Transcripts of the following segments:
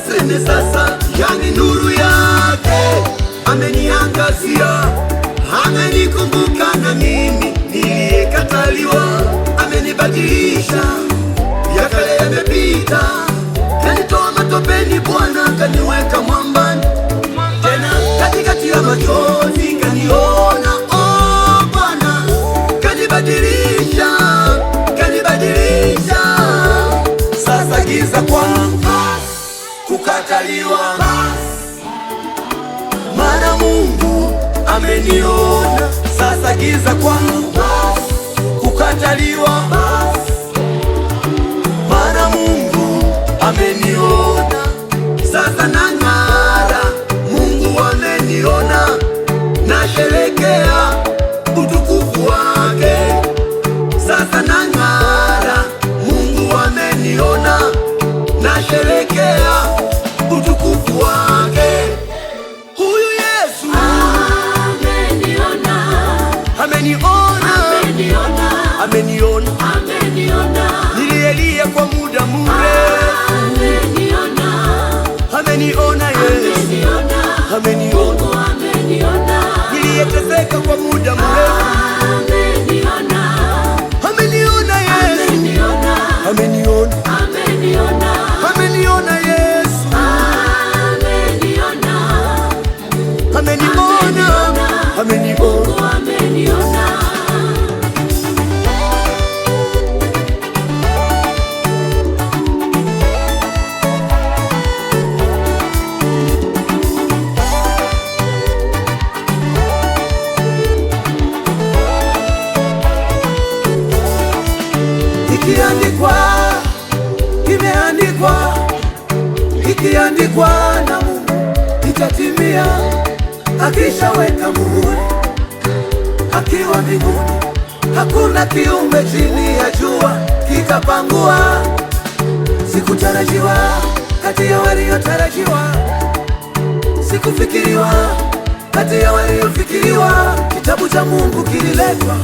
sene sasa, yani nuru yake ameniangazia, amenikumbuka na mimi niliyekataliwa, amenibadilisha, ya kale yamepita, kanitoa matopeni Bwana kaniweka nitakataliwa, maana Mungu ameniona. Sasa giza kwangu kukataliwa, maana Mungu ameniona. Sasa nang'ara, Mungu ameniona, nasherekea utukufu wake. Sasa nang'ara, Mungu ameniona, nasherekea ikiandikwa na Mungu itatimia. Akishaweka muhuri akiwa mbinguni, hakuna kiumbe chini ya jua kitapangua. Sikutarajiwa kati ya waliotarajiwa, sikufikiriwa kati ya waliofikiriwa. Kitabu cha Mungu kililetwa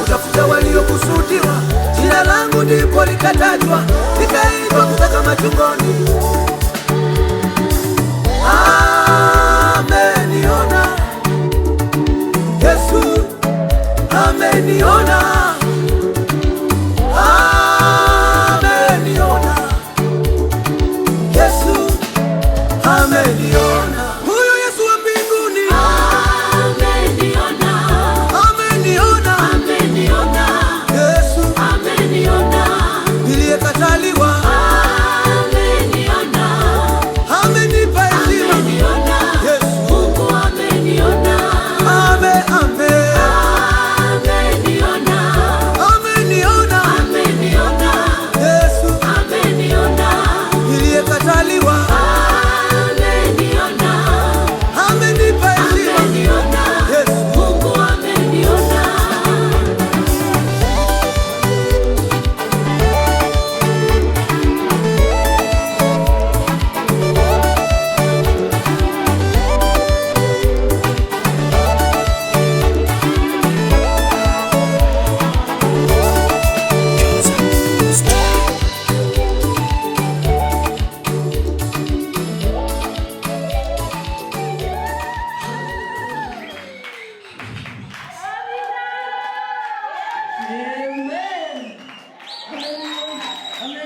kutafuta waliokusudiwa, jina langu ndipo likatajwa. ameniona ameniona Yesu ameniona Amen. Amen.